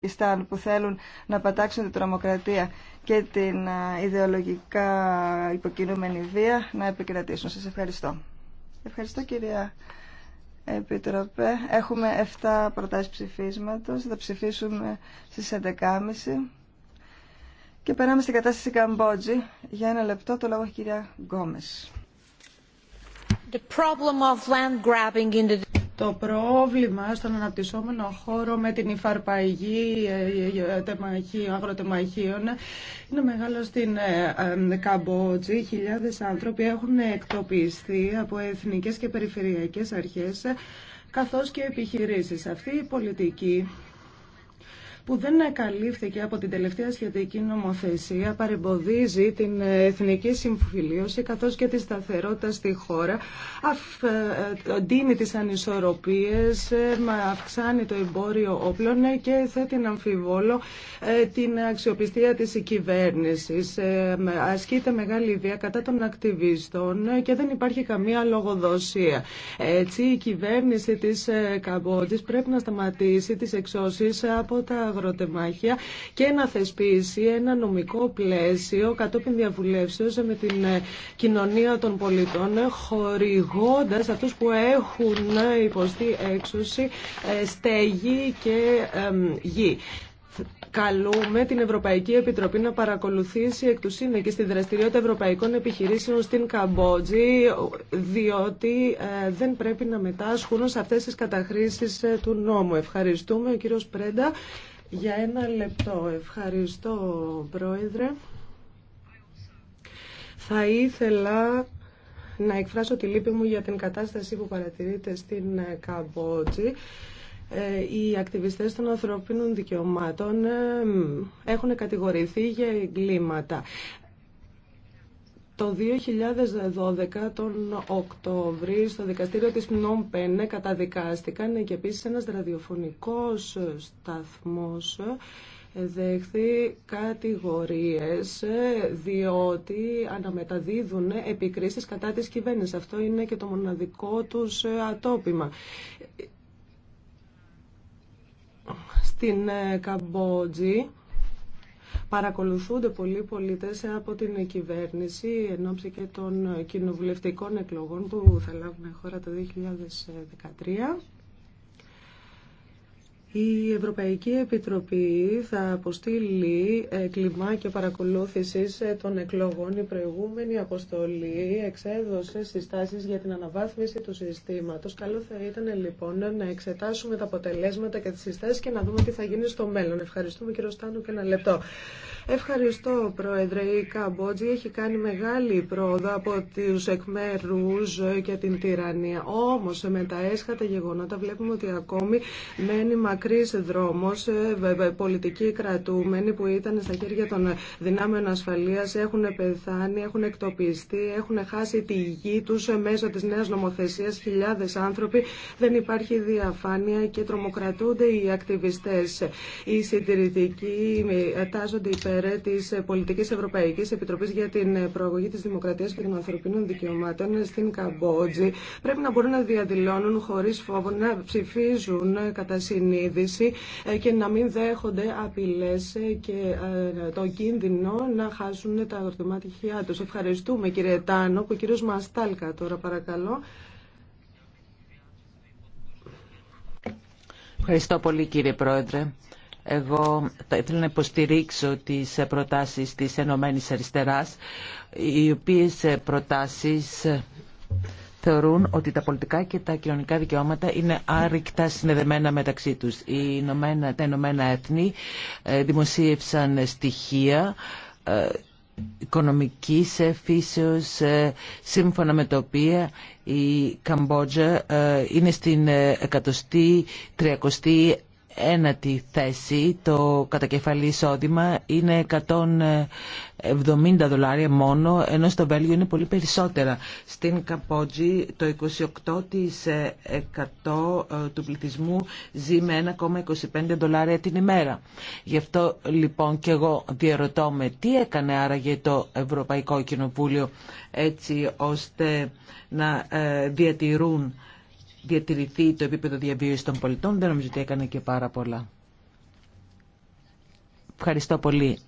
Ιστάλ που θέλουν να πατάξουν την τρομοκρατία και την ιδεολογικά υποκινούμενη βία να επικρατήσουν. Σας ευχαριστώ. Ευχαριστώ κυρία Επιτροπέ. Έχουμε 7 προτάσεις ψηφίσματος. Θα ψηφίσουμε στις 11.30. Και περάμε στην κατάσταση Καμπότζη. Για ένα λεπτό το λόγο κυρία Γκόμες το πρόβλημα στον αναπτυσσόμενο χώρο με την υφαρπαγή ε, ε, ε, αγροτεμαχίων είναι μεγάλο στην Καμπότζη. Χιλιάδες άνθρωποι έχουν εκτοπιστεί από εθνικές και περιφερειακές αρχές καθώς και επιχειρήσεις. Αυτή η πολιτική που δεν καλύφθηκε από την τελευταία σχετική νομοθεσία παρεμποδίζει την εθνική συμφιλίωση καθώς και τη σταθερότητα στη χώρα, αντίνει ε, ε, τις ανισορροπίες, ε, αυξάνει το εμπόριο όπλων και θέτει την αμφιβόλο την αξιοπιστία της κυβέρνησης. Ασκείται μεγάλη βία κατά των ακτιβιστών και δεν υπάρχει καμία λογοδοσία. Έτσι η κυβέρνηση της Καμπότζης πρέπει να σταματήσει τις εξώσεις από τα αγροτεμάχια και να θεσπίσει ένα νομικό πλαίσιο κατόπιν διαβουλεύσεως με την ε, κοινωνία των πολιτών χορηγώντας αυτούς που έχουν υποστεί έξωση ε, στέγη και γη. Καλούμε την Ευρωπαϊκή Επιτροπή να παρακολουθήσει εκ του ΣΥΝΕ και στη δραστηριότητα ευρωπαϊκών επιχειρήσεων στην Καμπότζη, διότι ε, δεν πρέπει να μετάσχουν σε αυτές τις καταχρήσεις του νόμου. Ευχαριστούμε, ο κύριος Πρέντα. Για ένα λεπτό. Ευχαριστώ, Πρόεδρε. Θα ήθελα να εκφράσω τη λύπη μου για την κατάσταση που παρατηρείται στην Καμπότζη. Ε, οι ακτιβιστές των ανθρωπίνων δικαιωμάτων ε, έχουν κατηγορηθεί για εγκλήματα. Το 2012, τον Οκτώβρη, στο δικαστήριο της Μνόμ Πένε καταδικάστηκαν και επίσης ένας ραδιοφωνικός σταθμός δέχθη κατηγορίες διότι αναμεταδίδουν επικρίσεις κατά της κυβέρνησης. Αυτό είναι και το μοναδικό τους ατόπιμα. Στην Καμπότζη παρακολουθούνται πολλοί πολίτες από την κυβέρνηση εν ώψη και των κοινοβουλευτικών εκλογών που θα λάβουν χώρα το 2013. Η Ευρωπαϊκή Επιτροπή θα αποστείλει ε, κλιμάκια παρακολούθησης ε, των εκλογών. Η προηγούμενη αποστολή εξέδωσε συστάσεις για την αναβάθμιση του συστήματος. Καλό θα ήταν λοιπόν να εξετάσουμε τα αποτελέσματα και τις συστάσεις και να δούμε τι θα γίνει στο μέλλον. Ευχαριστούμε κύριο Στάνου και ένα λεπτό. Ευχαριστώ, Πρόεδρε. Η Καμπότζη έχει κάνει μεγάλη πρόοδο από τους εκμέρους και την τυραννία. Όμως, με τα έσχατα γεγονότα βλέπουμε ότι ακόμη μένει μακρύς δρόμος. Ε, πολιτικοί κρατούμενοι που ήταν στα χέρια των δυνάμεων ασφαλείας έχουν πεθάνει, έχουν εκτοπιστεί, έχουν χάσει τη γη τους μέσω της νέας νομοθεσίας. Χιλιάδες άνθρωποι δεν υπάρχει διαφάνεια και τρομοκρατούνται οι ακτιβιστές. Οι συντηρητικοί τάζονται υπέρ Τη της Πολιτικής Ευρωπαϊκής Επιτροπής για την Προαγωγή της Δημοκρατίας και των Ανθρωπίνων Δικαιωμάτων στην Καμπότζη πρέπει να μπορούν να διαδηλώνουν χωρίς φόβο, να ψηφίζουν κατά συνείδηση ε, και να μην δέχονται απειλές ε, και ε, το κίνδυνο να χάσουν τα ορθωμάτια τους. Ευχαριστούμε κύριε Τάνο, που ο κύριος Μαστάλκα τώρα παρακαλώ. Ευχαριστώ πολύ κύριε Πρόεδρε. Εγώ θα ήθελα να υποστηρίξω τις προτάσεις της Ενωμένης Αριστεράς, οι οποίες προτάσεις θεωρούν ότι τα πολιτικά και τα κοινωνικά δικαιώματα είναι άρρηκτα συνεδεμένα μεταξύ τους. Οι τα Ηνωμένα Έθνη ε, δημοσίευσαν στοιχεία ε, οικονομικής φύσεως ε, σύμφωνα με τα οποία η Καμπότζα είναι στην 130 ένατη θέση. Το κατακεφαλή εισόδημα είναι 170 δολάρια μόνο, ενώ στο Βέλγιο είναι πολύ περισσότερα. Στην Καμπότζη το 28% ε, ε, του πληθυσμού ζει με 1,25 δολάρια την ημέρα. Γι' αυτό λοιπόν και εγώ διαρωτώ με τι έκανε άραγε το Ευρωπαϊκό Κοινοβούλιο έτσι ώστε να ε, διατηρούν διατηρηθεί το επίπεδο διαβίωσης των πολιτών. Δεν νομίζω ότι έκανε και πάρα πολλά. Ευχαριστώ πολύ.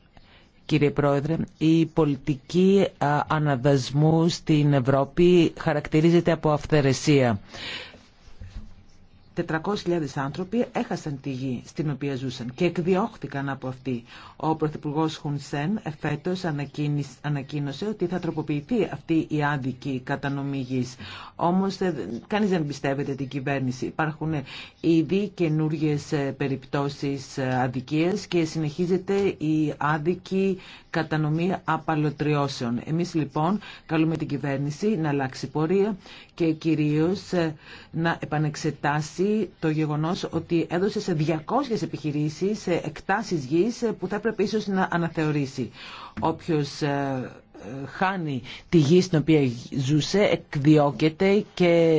Κύριε Πρόεδρε, η πολιτική αναδασμού στην Ευρώπη χαρακτηρίζεται από αυθαιρεσία. 400.000 άνθρωποι έχασαν τη γη στην οποία ζούσαν και εκδιώχθηκαν από αυτή. Ο Πρωθυπουργό Χουνσέν φέτο ανακοίνωσε ότι θα τροποποιηθεί αυτή η άδικη κατανομή γη. Όμως ε, κανείς δεν πιστεύεται την κυβέρνηση. Υπάρχουν ε, ήδη καινούριε ε, περιπτώσεις αδικία και συνεχίζεται η άδικη κατανομή απαλωτριώσεων. Εμεί λοιπόν καλούμε την κυβέρνηση να αλλάξει πορεία και κυρίω να επανεξετάσει το γεγονός ότι έδωσε σε 200 επιχειρήσεις εκτάσει εκτάσεις που θα έπρεπε ίσως να αναθεωρήσει. Όποιος ε, χάνει τη γη στην οποία ζούσε, εκδιώκεται και,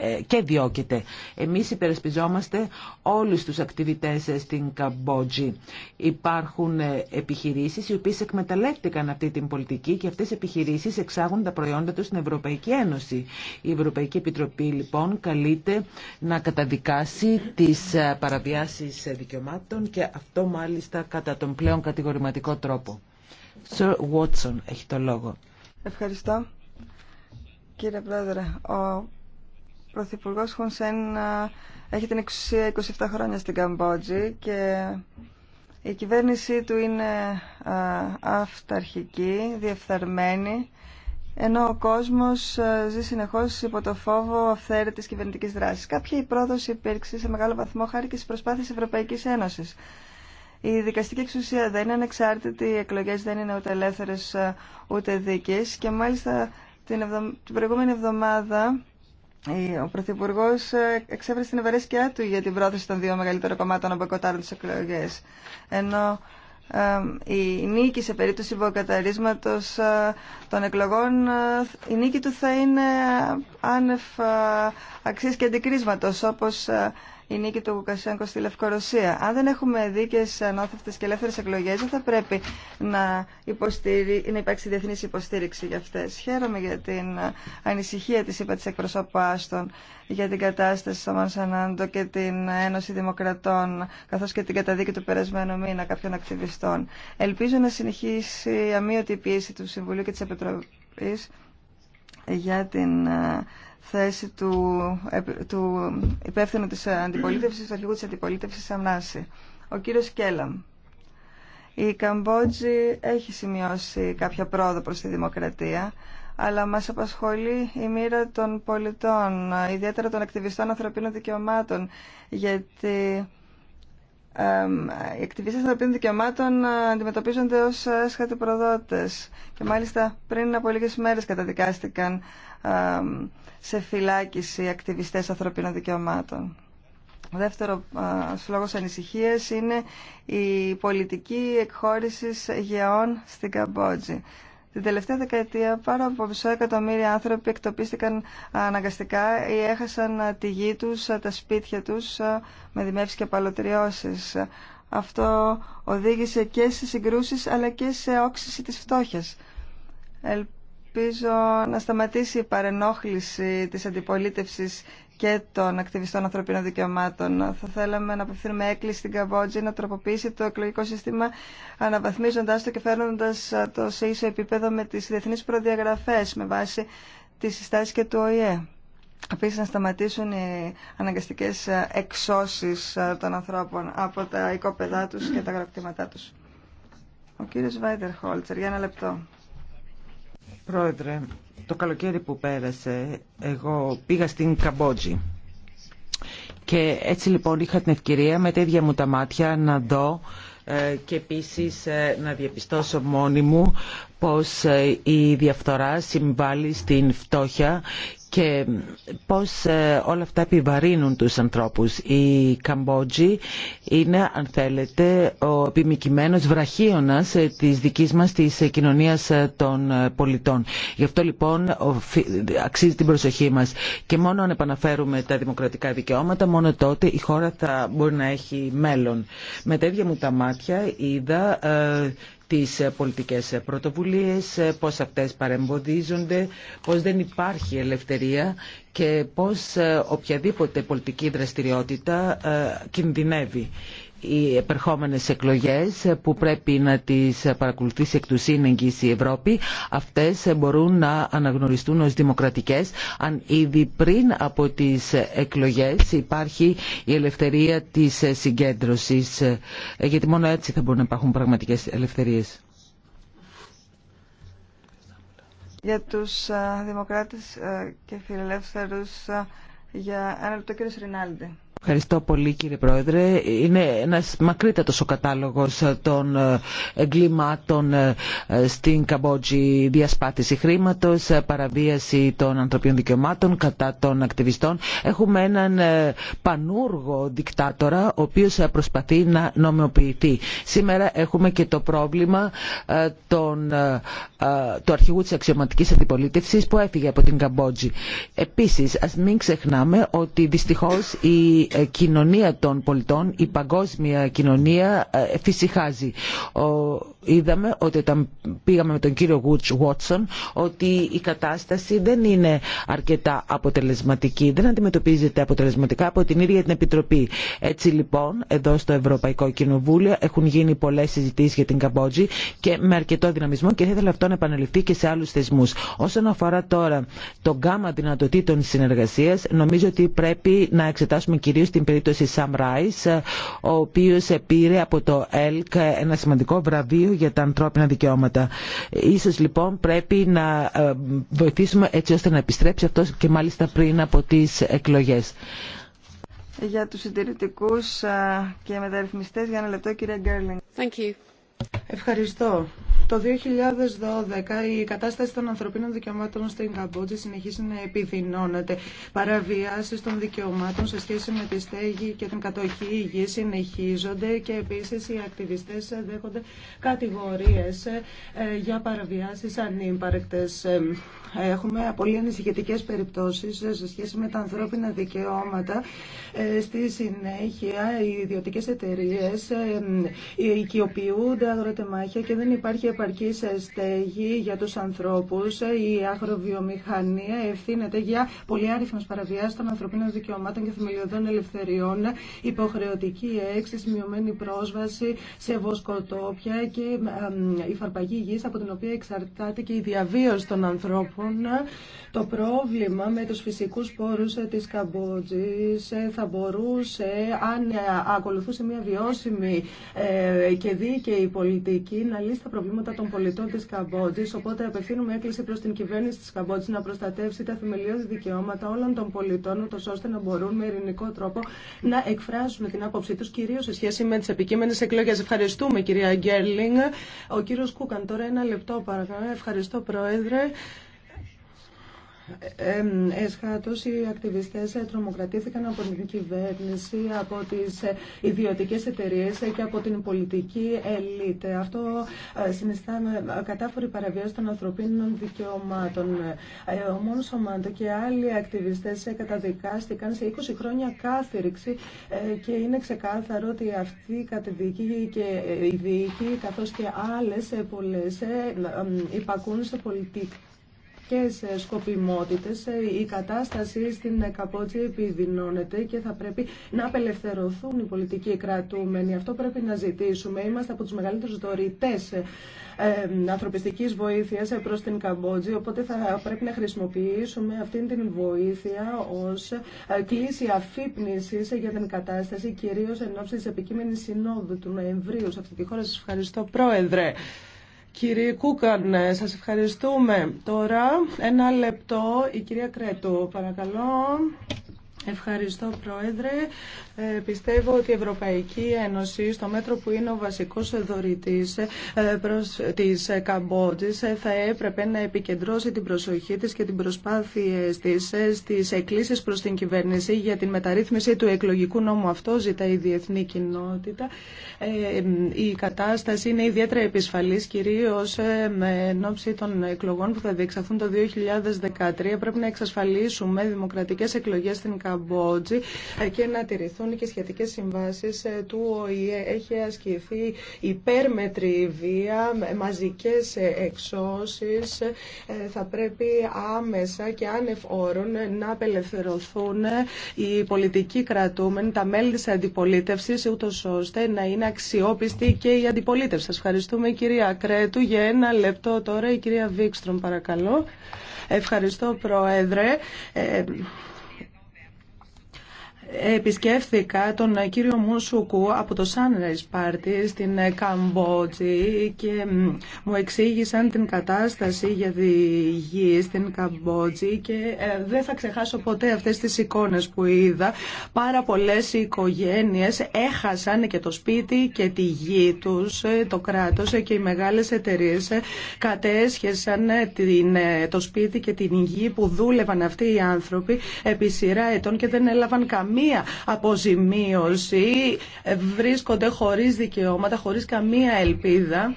ε, και διώκεται. Εμείς υπερασπιζόμαστε όλους τους ακτιβιτές στην Καμπότζη. Υπάρχουν ε, επιχειρήσεις οι οποίες εκμεταλλεύτηκαν αυτή την πολιτική και αυτές οι επιχειρήσεις εξάγουν τα προϊόντα τους στην Ευρωπαϊκή Ένωση. Η Ευρωπαϊκή Επιτροπή λοιπόν καλείται να καταδικάσει τις ε, παραβιάσεις δικαιωμάτων και αυτό μάλιστα κατά τον πλέον κατηγορηματικό τρόπο. Sir Watson έχει το λόγο. Ευχαριστώ. Κύριε Πρόεδρε, ο Πρωθυπουργός Χουνσέν έχει την εξουσία 27 χρόνια στην Καμπότζη και η κυβέρνησή του είναι αυταρχική, διεφθαρμένη, ενώ ο κόσμος ζει συνεχώς υπό το φόβο αυθαίρετης κυβερνητικής δράσης. Κάποια η πρόοδος υπήρξε σε μεγάλο βαθμό χάρη και στις προσπάθειες Ευρωπαϊκής Ένωσης η δικαστική εξουσία δεν είναι ανεξάρτητη, οι εκλογές δεν είναι ούτε ελεύθερες ε, ούτε δίκες και μάλιστα την, την προηγούμενη εβδομάδα ο Πρωθυπουργό ε, εξέφερε την ευαρέσκειά του για την πρόθεση των δύο μεγαλύτερων κομμάτων να μποϊκοτάρουν τι εκλογέ. Ενώ η νίκη σε περίπτωση υποκαταρίσματος ε, των εκλογών, η νίκη του θα είναι άνευ αξία και αντικρίσματος, η νίκη του Λουκασέγκο στη Λευκορωσία. Αν δεν έχουμε δίκαιε, ανώθευτε και ελεύθερε εκλογέ, δεν θα πρέπει να, υποστηρι... να υπάρξει διεθνή υποστήριξη για αυτέ. Χαίρομαι για την ανησυχία τη είπα, τη για την κατάσταση στο Μανσανάντο και την Ένωση Δημοκρατών, καθώ και την καταδίκη του περασμένου μήνα κάποιων ακτιβιστών. Ελπίζω να συνεχίσει αμύωτη η πίεση του Συμβουλίου και τη Επιτροπή για την θέση του, του υπεύθυνου της αντιπολίτευσης, του αρχηγού της αντιπολίτευσης Αμνάση, ο κύριος Κέλαμ. Η Καμπότζη έχει σημειώσει κάποια πρόοδο προς τη δημοκρατία, αλλά μας απασχολεί η μοίρα των πολιτών, ιδιαίτερα των ακτιβιστών ανθρωπίνων δικαιωμάτων, γιατί οι ακτιβιστές των δικαιωμάτων ε, αντιμετωπίζονται ως έσχατοι ε, προδότες και μάλιστα πριν από λίγες μέρες καταδικάστηκαν σε φυλάκιση ακτιβιστές ανθρωπίνων δικαιωμάτων. Ο δεύτερο ε, λόγο ανησυχία είναι η πολιτική εκχώρηση γεών στην Καμπότζη. Την τελευταία δεκαετία πάνω από μισό εκατομμύρια άνθρωποι εκτοπίστηκαν αναγκαστικά ή έχασαν τη γη τους, τα σπίτια τους με δημεύσεις και παλωτριώσεις. Αυτό οδήγησε και σε συγκρούσεις αλλά και σε όξυση της φτώχειας. Ελπίζω να σταματήσει η παρενόχληση της αντιπολίτευσης και των ακτιβιστών ανθρωπίνων δικαιωμάτων. Θα θέλαμε να απευθύνουμε έκκληση στην Καμπότζη να τροποποιήσει το εκλογικό σύστημα αναβαθμίζοντα το και φέρνοντα το σε ίσο επίπεδο με τι διεθνεί προδιαγραφέ με βάση τι συστάσει και του ΟΗΕ. Επίση, να σταματήσουν οι αναγκαστικέ εξώσει των ανθρώπων από τα οικόπεδά του και τα γραπτήματά του. Ο κύριο Βάιντερ Χόλτσερ, για ένα λεπτό. Πρόεδρε, το καλοκαίρι που πέρασε εγώ πήγα στην Καμπότζη και έτσι λοιπόν είχα την ευκαιρία με τα ίδια μου τα μάτια να δω ε, και επίσης ε, να διαπιστώσω μόνη μου πως ε, η διαφθορά συμβάλλει στην φτώχεια και πώς ε, όλα αυτά επιβαρύνουν τους ανθρώπους. Η Καμπότζη είναι, αν θέλετε, ο επιμικημένος βραχίωνας ε, της δικής μας της κοινωνίας ε, των πολιτών. Γι' αυτό λοιπόν αξίζει την προσοχή μας. Και μόνο αν επαναφέρουμε τα δημοκρατικά δικαιώματα, μόνο τότε η χώρα θα μπορεί να έχει μέλλον. Με τέτοια μου τα μάτια είδα τις ε, πολιτικές ε, πρωτοβουλίες, ε, πώς αυτές παρεμποδίζονται, πώς δεν υπάρχει ελευθερία και πώς οποιαδήποτε πολιτική δραστηριότητα κινδυνεύει οι επερχόμενες εκλογές που πρέπει να τις παρακολουθήσει εκ του σύνεγγυς η Ευρώπη αυτές μπορούν να αναγνωριστούν ως δημοκρατικές αν ήδη πριν από τις εκλογές υπάρχει η ελευθερία της συγκέντρωσης ε, γιατί μόνο έτσι θα μπορούν να υπάρχουν πραγματικές ελευθερίες. Για τους ε, δημοκράτες ε, και φιλελεύθερους για ένα λεπτό κύριο Ευχαριστώ πολύ κύριε Πρόεδρε. Είναι ένας μακρύτατος ο κατάλογος των ε, εγκλήματων ε, στην Καμπότζη. Διασπάθηση χρήματος, ε, παραβίαση των ανθρωπίνων δικαιωμάτων κατά των ακτιβιστών. Έχουμε έναν πανούργο δικτάτορα ο οποίος προσπαθεί να νομιμοποιηθεί. Σήμερα έχουμε και το πρόβλημα των, του αρχηγού της αξιωματικής αντιπολίτευσης που έφυγε από την Καμπότζη. Επίσης, ας μην ξεχνάμε ότι δυστυχώς η η κοινωνία των πολιτών, η παγκόσμια κοινωνία ε, φυσικάζει. Είδαμε ότι όταν πήγαμε με τον κύριο Γουτς Βότσον ότι η κατάσταση δεν είναι αρκετά αποτελεσματική, δεν αντιμετωπίζεται αποτελεσματικά από την ίδια την Επιτροπή. Έτσι λοιπόν εδώ στο Ευρωπαϊκό Κοινοβούλιο έχουν γίνει πολλές συζητήσεις για την Καμπότζη και με αρκετό δυναμισμό και θα ήθελα αυτό να επανελειφθεί και σε άλλους θεσμούς. Όσον αφορά τώρα το γκάμα δυνατοτήτων συνεργασίας, νομίζω ότι πρέπει να εξετάσουμε κυρίως στην περίπτωση Σαμ Ράις, ε, ο οποίος πήρε από το ΕΛΚ ένα σημαντικό βραβείο για τα ανθρώπινα δικαιώματα. Ίσως λοιπόν πρέπει να ε, βοηθήσουμε έτσι ώστε να επιστρέψει αυτός και μάλιστα πριν από τις εκλογές. Για τους συντηρητικούς ε, και μεταρρυθμιστές, για ένα λεπτό κυρία Γκέρλινγκ. Ευχαριστώ. Το 2012 η κατάσταση των ανθρωπίνων δικαιωμάτων στην Καμπότζη συνεχίζει να επιδεινώνεται. Παραβιάσεις των δικαιωμάτων σε σχέση με τη στέγη και την κατοχή γη συνεχίζονται και επίσης οι ακτιβιστές δέχονται κατηγορίες ε, για παραβιάσεις ανύπαρκτε. Ε, έχουμε πολύ ανησυχητικέ περιπτώσεις σε σχέση με τα ανθρώπινα δικαιώματα. Ε, στη συνέχεια οι ιδιωτικέ εταιρείε οικειοποιούνται αγροτεμάχια και δεν υπάρχει επαρκής στέγη για τους ανθρώπους. Η αγροβιομηχανία ευθύνεται για πολύ άριθμες παραβιάσεις των ανθρωπίνων δικαιωμάτων και θεμελιωδών ελευθεριών, υποχρεωτική έξυση, μειωμένη πρόσβαση σε βοσκοτόπια και η φαρπαγή γης από την οποία εξαρτάται και η διαβίωση των ανθρώπων. Το πρόβλημα με τους φυσικούς πόρους της Καμπότζης θα μπορούσε, αν ακολουθούσε μια βιώσιμη ε, και δίκαιη πολιτική, να λύσει τα προβλήματα δικαιώματα των πολιτών τη Καμπότζη, οπότε απευθύνουμε έκκληση προ την κυβέρνηση τη Καμπότζη, να προστατεύσει τα θεμελιώδη δικαιώματα όλων των πολιτών, ούτω ώστε να μπορούν με ειρηνικό τρόπο να εκφράσουν την άποψή του κυρίω σε σχέση με τι επικείμενε εκλογέ. Ευχαριστούμε κυρία Γκέρλινγκ. Ο κύριο Κούκαν, τώρα ένα λεπτό παρακαλώ. Ευχαριστώ Πρόεδρε. Εσχάτως οι ακτιβιστές ε, τρομοκρατήθηκαν από την κυβέρνηση, από τις ε, ιδιωτικές εταιρείες και από την πολιτική ελίτ. Αυτό ε, συνιστά κατάφορη παραβίαση των ανθρωπίνων δικαιωμάτων. Ο μόνος Σομάντο και άλλοι ακτιβιστές καταδικάστηκαν σε 20 χρόνια κάθριξη και είναι ξεκάθαρο ότι αυτή η κατεδίκη και οι δίκη καθώς και άλλες πολλές υπακούν σε πολιτική πολιτικές ε, σκοπιμότητες ε, η κατάσταση στην Καμπότζη επιδεινώνεται και θα πρέπει να απελευθερωθούν οι πολιτικοί κρατούμενοι. Αυτό πρέπει να ζητήσουμε. Είμαστε από τους μεγαλύτερους δωρητές ε, ανθρωπιστικής βοήθειας προς την Καμπότζη, οπότε θα πρέπει να χρησιμοποιήσουμε αυτήν την βοήθεια ως κλίση αφύπνισης για την κατάσταση, κυρίως εν ώψη της επικείμενης συνόδου του Νοεμβρίου σε αυτή τη χώρα. Σας ευχαριστώ, Πρόεδρε. Κύριε Κούκαν, ε, σας ευχαριστούμε. Τώρα ένα λεπτό η κυρία Κρέτου, παρακαλώ. Ευχαριστώ Πρόεδρε. Ε, πιστεύω ότι η Ευρωπαϊκή Ένωση στο μέτρο που είναι ο βασικός δωρητής ε, προς, της Καμπότζης ε, θα έπρεπε να επικεντρώσει την προσοχή της και την προσπάθεια της ε, στις εκκλήσεις προς την κυβέρνηση για την μεταρρύθμιση του εκλογικού νόμου. Αυτό ζητάει η διεθνή κοινότητα. Ε, η κατάσταση είναι ιδιαίτερα επισφαλής κυρίως ε, με ενόψη των εκλογών που θα διεξαχθούν το 2013. Πρέπει να εξασφαλίσουμε δημοκρατικές εκλογές στην Καμπότζη Καμπότζη ε, και να τηρηθούν και σχετικές συμβάσεις ε, του ΟΗΕ. Έχει ασκηθεί υπέρμετρη βία, μαζικές ε, εξώσεις. Θα πρέπει άμεσα και άνευ όρων να απελευθερωθούν οι πολιτικοί κρατούμενοι, τα μέλη της αντιπολίτευσης, ούτως ώστε να είναι αξιόπιστοι και η αντιπολίτευση. Σας ευχαριστούμε κυρία Κρέτου. Για ένα λεπτό τώρα η κυρία Βίξτρομ παρακαλώ. Ευχαριστώ Πρόεδρε. Επισκέφθηκα τον κύριο Μουσουκού από το Sunrise Party στην Καμπότζη και μου εξήγησαν την κατάσταση για τη γη στην Καμπότζη και ε, δεν θα ξεχάσω ποτέ αυτές τις εικόνες που είδα. Πάρα πολλές οικογένειες έχασαν και το σπίτι και τη γη τους, ε, το κράτος ε, και οι μεγάλες εταιρείες κατέσχεσαν την, το σπίτι και την γη που δούλευαν αυτοί οι άνθρωποι επί σειρά ετών και δεν έλαβαν καμία καμία αποζημίωση, ε, βρίσκονται χωρίς δικαιώματα, χωρίς καμία ελπίδα.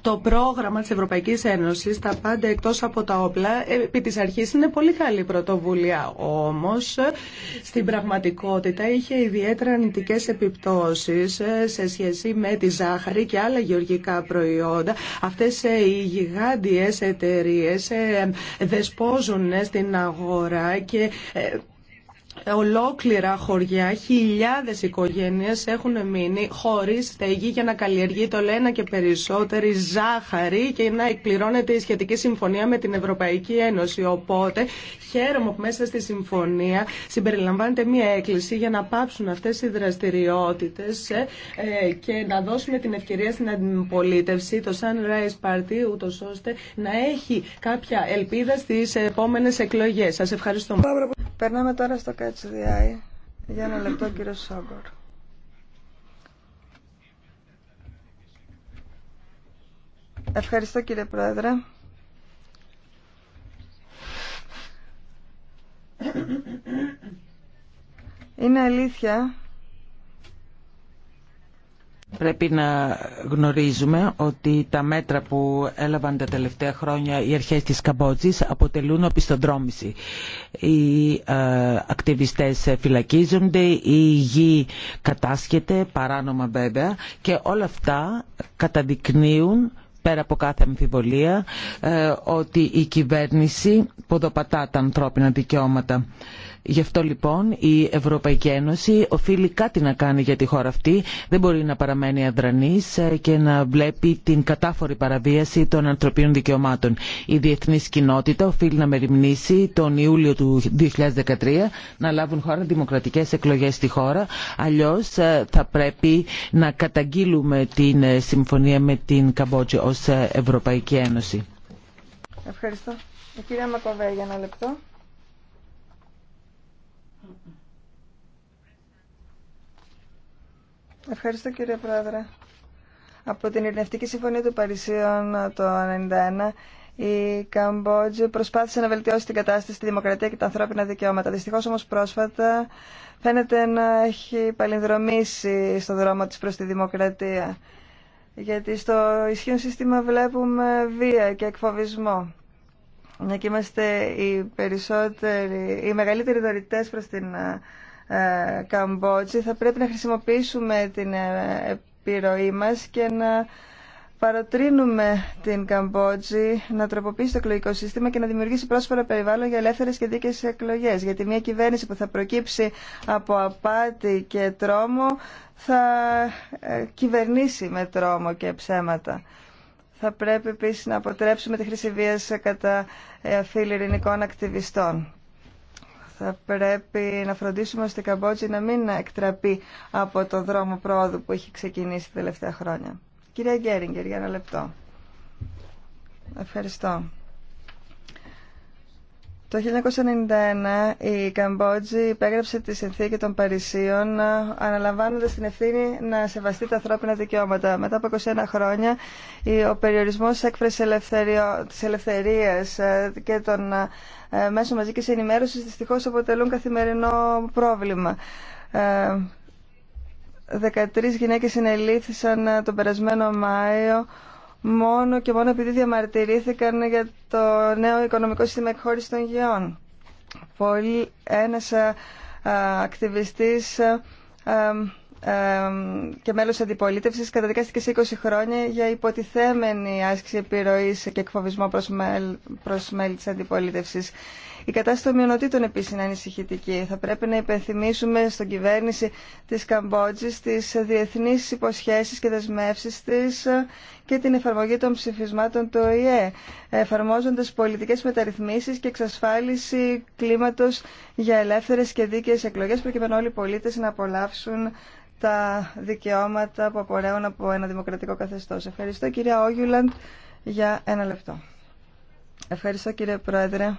Το πρόγραμμα της Ευρωπαϊκής Ένωσης, τα πάντα εκτός από τα όπλα, ε, επί της αρχής είναι πολύ καλή πρωτοβουλία. Όμως, ε, στην πραγματικότητα είχε ιδιαίτερα ανητικές επιπτώσεις σε σχέση με τη ζάχαρη και άλλα γεωργικά προϊόντα. Αυτές οι γιγάντιες εταιρείες δεσπόζουν στην αγορά και ολόκληρα χωριά, χιλιάδε οικογένειε έχουν μείνει χωρί στέγη για να καλλιεργεί το λένα και περισσότερη ζάχαρη και να εκπληρώνεται η σχετική συμφωνία με την Ευρωπαϊκή Ένωση. Οπότε χαίρομαι που μέσα στη συμφωνία συμπεριλαμβάνεται μία έκκληση για να πάψουν αυτέ οι δραστηριότητες ε, και να δώσουμε την ευκαιρία στην αντιπολίτευση, το Sunrise Party, ούτω ώστε να έχει κάποια ελπίδα στι επόμενε εκλογέ. Σα ευχαριστώ. Περνάμε τώρα στο HDI. Για ένα λεπτό, κύριο Σόγκορ. Ευχαριστώ, κύριε Πρόεδρε. Είναι αλήθεια Πρέπει να γνωρίζουμε ότι τα μέτρα που έλαβαν τα τελευταία χρόνια οι αρχές της Καμπότζης αποτελούν οπισθοδρόμηση. Οι ε, ακτιβιστές φυλακίζονται, η γη κατάσχεται, παράνομα βέβαια, και όλα αυτά καταδεικνύουν πέρα από κάθε αμφιβολία ε, ότι η κυβέρνηση ποδοπατά τα ανθρώπινα δικαιώματα. Γι' αυτό λοιπόν η Ευρωπαϊκή Ένωση οφείλει κάτι να κάνει για τη χώρα αυτή. Δεν μπορεί να παραμένει αδρανής ε, και να βλέπει την κατάφορη παραβίαση των ανθρωπίνων δικαιωμάτων. Η διεθνής κοινότητα οφείλει να μεριμνήσει τον Ιούλιο του 2013 να λάβουν χώρα δημοκρατικές εκλογές στη χώρα. Αλλιώς ε, θα πρέπει να καταγγείλουμε την ε, συμφωνία με την Καμπότζη ως Ευρωπαϊκή Ένωση. Ευχαριστώ. Η κυρία Μακοβέ για ένα λεπτό. Ευχαριστώ κύριε Πρόεδρε. Από την Ειρηνευτική Συμφωνία του Παρισίων ε, το 1991 η Καμπότζη προσπάθησε να βελτιώσει την κατάσταση, τη δημοκρατία και τα ανθρώπινα δικαιώματα. Δυστυχώς όμως πρόσφατα φαίνεται να έχει παλινδρομήσει στο δρόμο της προς τη δημοκρατία. Γιατί στο ισχύον σύστημα βλέπουμε βία και εκφοβισμό. είμαστε οι περισσότεροι, οι μεγαλύτεροι δωρητές προς την ε, ε, Καμπότζη θα πρέπει να χρησιμοποιήσουμε την ε, επιρροή μας και να παροτρύνουμε την Καμπότζη να τροποποιήσει το εκλογικό σύστημα και να δημιουργήσει πρόσφορα περιβάλλον για ελεύθερες και δίκαιες εκλογές. Γιατί μια κυβέρνηση που θα προκύψει από απάτη και τρόμο θα ε, κυβερνήσει με τρόμο και ψέματα. Θα πρέπει επίσης να αποτρέψουμε τη χρήση κατά φίλοι ειρηνικών ακτιβιστών. Θα πρέπει να φροντίσουμε ώστε Καμπότζη να μην εκτραπεί από το δρόμο πρόοδου που έχει ξεκινήσει τα τελευταία χρόνια. Κυρία Γκέριγκερ, για ένα λεπτό. Ευχαριστώ. Το 1991 η Καμπότζη υπέγραψε τη συνθήκη των Παρισίων αναλαμβάνοντας την ευθύνη να σεβαστεί τα ανθρώπινα δικαιώματα. Μετά από 21 χρόνια ο περιορισμός έκφρασης της ελευθερίας ε, και των ε, μέσων μαζικής ενημέρωσης δυστυχώς αποτελούν καθημερινό πρόβλημα. 13 ε, γυναίκες συνελήθησαν τον περασμένο Μάιο μόνο και μόνο επειδή διαμαρτυρήθηκαν για το νέο οικονομικό σύστημα εκχώρησης των γεών. Πολύ, ένας α, ακτιβιστής και μέλος αντιπολίτευσης καταδικάστηκε σε 20 χρόνια για υποτιθέμενη άσκηση επιρροής και εκφοβισμό προς, μέλη της αντιπολίτευσης. Η κατάσταση των μειονοτήτων επίση είναι ανησυχητική. Θα πρέπει να υπενθυμίσουμε στον κυβέρνηση τη Καμπότζη τι διεθνεί υποσχέσει και δεσμεύσει τη και την εφαρμογή των ψηφισμάτων του ΟΗΕ, εφαρμόζοντα πολιτικέ μεταρρυθμίσει και εξασφάλιση κλίματο για ελεύθερε και δίκαιε εκλογέ, προκειμένου όλοι οι πολίτε να απολαύσουν τα δικαιώματα που απορρέουν από ένα δημοκρατικό καθεστώ. Ευχαριστώ κυρία Όγιουλαντ για ένα λεπτό. Ευχαριστώ κύριε Πρόεδρε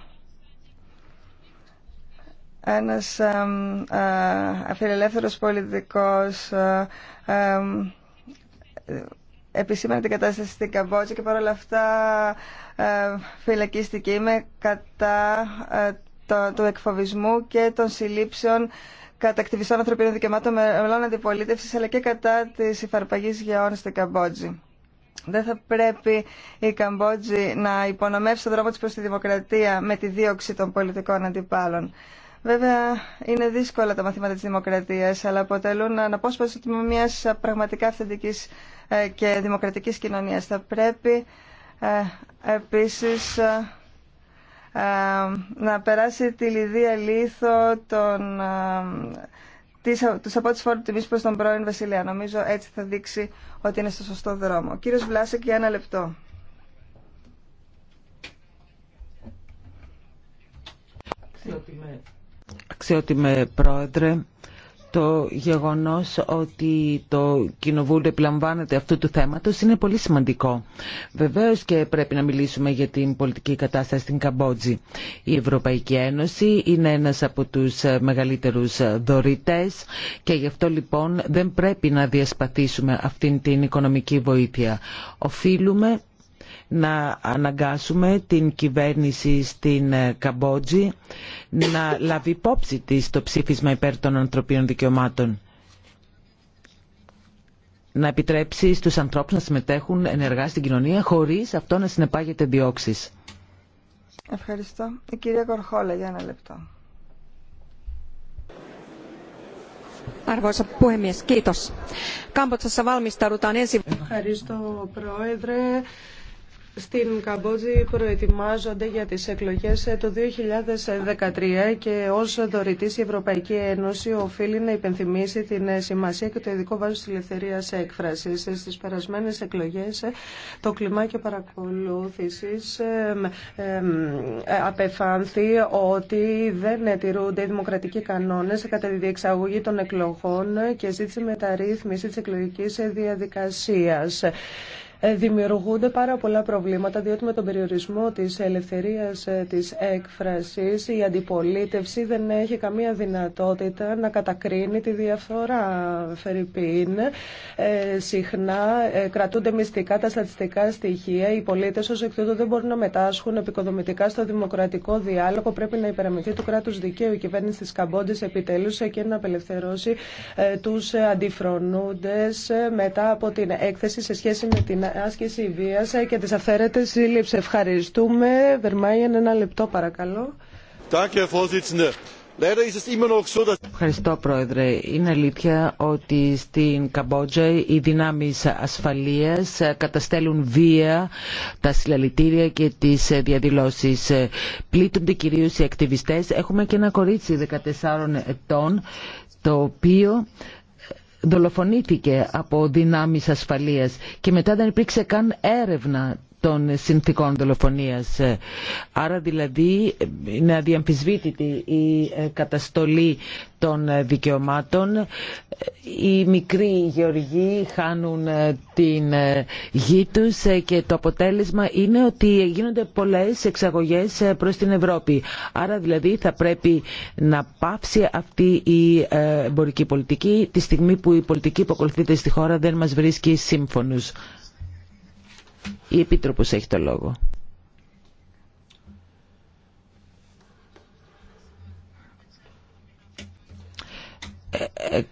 ένας αφιλελεύθερος ε, πολιτικός ε, επισήμανε την κατάσταση στην Καμπότζη και παρόλα αυτά ε, φυλακίστηκε. Είμαι κατά του εκφοβισμού και των συλλήψεων κατά ακτιβιστών ανθρωπίνων δικαιωμάτων μελών αντιπολίτευση αλλά και κατά τη υφαρπαγή γεών στην Καμπότζη. Δεν θα πρέπει η Καμπότζη να υπονομεύσει το δρόμο της προς τη δημοκρατία με τη δίωξη των πολιτικών αντιπάλων. Βέβαια, είναι δύσκολα τα μαθήματα της δημοκρατίας, αλλά αποτελούν αναπόσπαση τμήμα μιας πραγματικά αυθεντικής ε, και δημοκρατικής κοινωνίας. Θα πρέπει ε, επίσης ε, να περάσει τη λιδία λίθο των, τους από τις φόρου τιμή προς τον πρώην βασιλεία. Νομίζω έτσι θα δείξει ότι είναι στο σωστό δρόμο. Κύριος Βλάσεκ, για ένα λεπτό ότι με πρόεδρε, το γεγονός ότι το Κοινοβούλιο επιλαμβάνεται αυτού του θέματος είναι πολύ σημαντικό. Βεβαίως και πρέπει να μιλήσουμε για την πολιτική κατάσταση στην Καμπότζη. Η Ευρωπαϊκή Ένωση είναι ένας από τους μεγαλύτερους δωρητές και γι' αυτό λοιπόν δεν πρέπει να διασπαθήσουμε αυτήν την οικονομική βοήθεια. Οφείλουμε να αναγκάσουμε την κυβέρνηση στην ε, Καμπότζη να λάβει υπόψη της το ψήφισμα υπέρ των ανθρωπίνων δικαιωμάτων. Να επιτρέψει στους ανθρώπους να συμμετέχουν ενεργά στην κοινωνία χωρίς αυτό να συνεπάγεται διώξεις. Ευχαριστώ. Η κυρία Κορχόλα για ένα λεπτό. Arvoisa puhemies, kiitos. Kambotsassa valmistaudutaan ensi... Ευχαριστώ, Πρόεδρε στην Καμπότζη προετοιμάζονται για τις εκλογές ε, το 2013 και ως δωρητής η Ευρωπαϊκή Ένωση οφείλει να υπενθυμίσει την ε, σημασία και το ειδικό βάρος της ελευθερίας έκφρασης. Ε, στις περασμένες εκλογές το κλιμάκιο παρακολούθησης απεφάνθη ότι δεν τηρούνται οι δημοκρατικοί κανόνες κατά τη διεξαγωγή των εκλογών και ζήτησε μεταρρύθμιση της εκλογικής διαδικασίας δημιουργούνται πάρα πολλά προβλήματα διότι με τον περιορισμό της ελευθερίας ε, της έκφρασης η αντιπολίτευση δεν έχει καμία δυνατότητα να κατακρίνει τη διαφθορά Φερρυπίν. Ε, συχνά ε, κρατούνται μυστικά τα στατιστικά στοιχεία. Οι πολίτες ως εκ τούτου δεν μπορούν να μετάσχουν επικοδομητικά στο δημοκρατικό διάλογο. Πρέπει να υπεραμεθεί του κράτους δικαίου η κυβέρνηση της Καμπόντης επιτέλους και να απελευθερώσει τους αντιφρονούντες μετά από την έκθεση σε σχέση με την άσκηση βία και τις αφαίρετες σύλληψη. Ευχαριστούμε. Βερμάγεν, ένα λεπτό παρακαλώ. Ευχαριστώ Πρόεδρε. Είναι αλήθεια ότι στην Καμπότζα οι δυνάμεις ασφαλείας καταστέλουν βία τα συλλαλητήρια και τις διαδηλώσεις. Πλήττονται κυρίως οι ακτιβιστέ, Έχουμε και ένα κορίτσι 14 ετών το οποίο δολοφονήθηκε από δυνάμεις ασφαλείας και μετά δεν υπήρξε καν έρευνα των συνθήκων δολοφονίας. Ε, άρα δηλαδή είναι αδιαμφισβήτητη η ε, καταστολή των ε, δικαιωμάτων. Οι μικροί γεωργοί χάνουν την γη τους και το αποτέλεσμα είναι ότι γίνονται πολλές εξαγωγές προς την Ευρώπη. Άρα δηλαδή θα πρέπει να πάψει αυτή η εμπορική πολιτική τη στιγμή που η πολιτική που ακολουθείται στη χώρα δεν μας βρίσκει σύμφωνους. Η Επίτροπος έχει το λόγο. Ε, ε,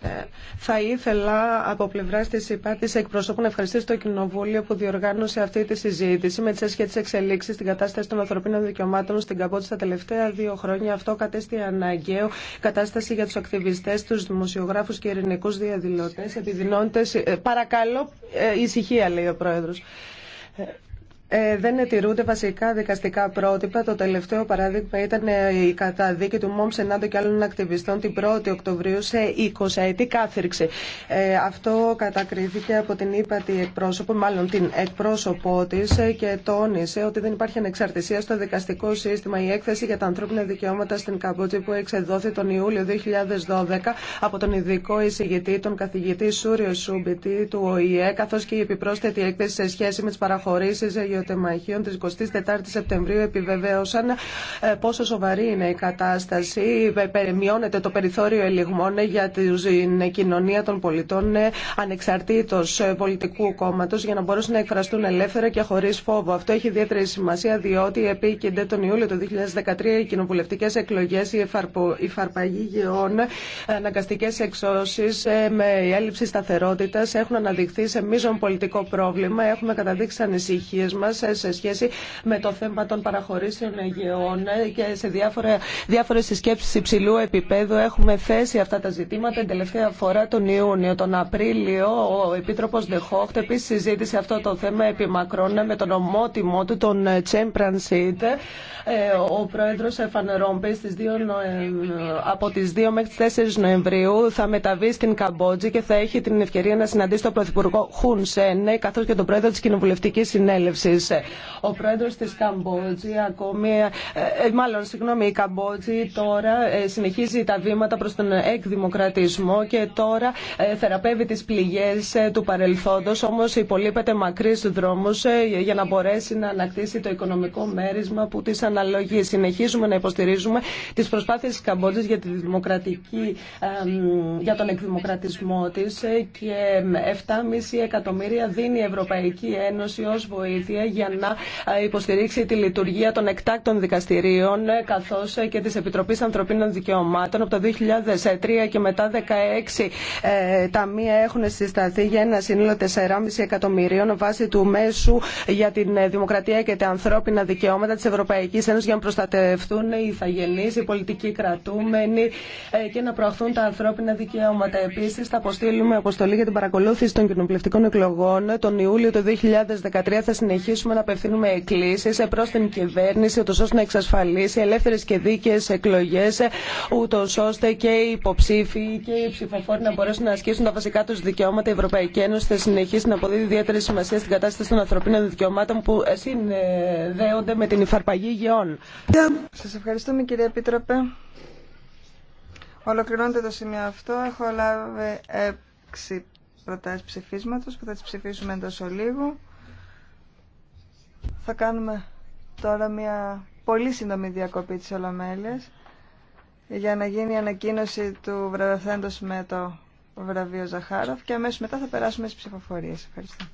ε, θα ήθελα από πλευρά τη ΕΠΑ τη εκπροσώπου να ευχαριστήσω το Κοινοβούλιο που διοργάνωσε αυτή τη συζήτηση με τι έσχε εξελίξει στην κατάσταση των ανθρωπίνων δικαιωμάτων στην Καμπότση τα τελευταία δύο χρόνια. Αυτό κατέστη αναγκαίο. Κατάσταση για του ακτιβιστέ, του δημοσιογράφου και ειρηνικού διαδηλωτέ επιδεινώνεται. Ε, παρακαλώ, ε, ησυχία λέει ο Πρόεδρο. Ε, ε, δεν ετηρούνται βασικά δικαστικά πρότυπα. Το τελευταίο παράδειγμα ήταν ε, η καταδίκη του Μόμ Σενάντο και άλλων ακτιβιστών την 1η Οκτωβρίου σε 20 ετή κάθριξη. Ε, αυτό κατακρίθηκε από την ύπατη εκπρόσωπο, μάλλον την εκπρόσωπό τη και τόνισε ότι δεν υπάρχει ανεξαρτησία στο δικαστικό σύστημα. Η έκθεση για τα ανθρώπινα δικαιώματα στην Καμπότζη που εξεδόθη τον Ιούλιο 2012 από τον ειδικό εισηγητή, τον καθηγητή Σούριο Σούμπιτη του ΟΗΕ, καθώ και η επιπρόσθετη έκθεση σε σχέση με τι παραχωρήσει Τεμαχίων τη 24 Σεπτεμβρίου επιβεβαίωσαν ε, πόσο σοβαρή είναι η κατάσταση. Ε, μειώνεται το περιθώριο ελιγμών για την κοινωνία των πολιτών ε, ανεξαρτήτως πολιτικού κόμματο για να μπορέσουν να εκφραστούν ελεύθερα και χωρί φόβο. Αυτό έχει ιδιαίτερη σημασία διότι επίκυνται τον Ιούλιο του 2013 οι κοινοβουλευτικέ εκλογέ η, η φαρπαγή γεών, αναγκαστικές εξώσεις με έλλειψη σταθερότητας έχουν αναδειχθεί σε μείζον πολιτικό πρόβλημα. Έχουμε καταδείξει ανησυχίε μα σε σχέση με το θέμα των παραχωρήσεων Αιγαίων και σε διάφορα, διάφορες συσκέψεις υψηλού επίπεδου έχουμε θέσει αυτά τα ζητήματα την τελευταία φορά τον Ιούνιο. Τον Απρίλιο ο Επίτροπος Ντεχόχτ επίση συζήτησε αυτό το θέμα επί Μακρόν με τον ομότιμο του τον Πρανσίτ. Ε, ο πρόεδρος Εφανερόμπη από τις 2 μέχρι τις 4 Νοεμβρίου θα μεταβεί στην Καμπότζη και θα έχει την ευκαιρία να συναντήσει τον Πρωθυπουργό Χουν Σενέ, καθώς και τον πρόεδρο της κοινοβουλευτική Συνέλευση. Ο πρόεδρος της Καμπότζη ακόμη, ε, ε, μάλλον συγγνώμη, η Καμπότζη τώρα ε, συνεχίζει τα βήματα προς τον εκδημοκρατισμό και τώρα θεραπεύει τις πληγές του παρελθόντος, όμως υπολείπεται μακρύς δρόμους για να μπορέσει να ανακτήσει το οικονομικό μέρισμα που της αναλογεί. Συνεχίζουμε να υποστηρίζουμε τις προσπάθειες της Καμπότζης τη δημοκρατική, για τον εκδημοκρατισμό της και 7,5 εκατομμύρια δίνει η Ευρωπαϊκή Ένωση ως βοήθεια για να ε, υποστηρίξει τη λειτουργία των εκτάκτων δικαστηρίων ε, καθώ ε, και τη Επιτροπή Ανθρωπίνων Δικαιωμάτων. Από το 2003 και μετά 16 ταμεία έχουν συσταθεί για ένα σύνολο 4,5 εκατομμυρίων βάσει του μέσου για την δημοκρατία και τα ανθρώπινα δικαιώματα τη Ευρωπαϊκή Ένωση για να προστατευτούν οι ηθαγενεί, οι πολιτικοί κρατούμενοι και να προαχθούν τα ανθρώπινα δικαιώματα. Επίση, θα αποστείλουμε αποστολή για την παρακολούθηση των κοινοβουλευτικών εκλογών τον Ιούλιο του 2013. Θα συνεχίσουμε συνεχίσουμε να απευθύνουμε εκκλήσει προ την κυβέρνηση, ούτω ώστε να εξασφαλίσει ελεύθερε και δίκαιε εκλογέ, ούτω ώστε και οι υποψήφοι και οι ψηφοφόροι να μπορέσουν να ασκήσουν τα βασικά του δικαιώματα. Η Ευρωπαϊκή Ένωση θα συνεχίσει να αποδίδει ιδιαίτερη σημασία στην κατάσταση των ανθρωπίνων δικαιωμάτων που συνδέονται με την υφαρπαγή γεών. Σα ευχαριστούμε κύριε Επίτροπε. Ολοκληρώνεται το σημείο αυτό. Έχω λάβει έξι προτάσεις ψηφίσματος που θα τις ψηφίσουμε εντός ολίγου. Θα κάνουμε τώρα μια πολύ σύντομη διακοπή της Ολομέλειας για να γίνει η ανακοίνωση του βραβευθέντος με το βραβείο Ζαχάροφ και αμέσως μετά θα περάσουμε στις ψηφοφορίες. Ευχαριστώ.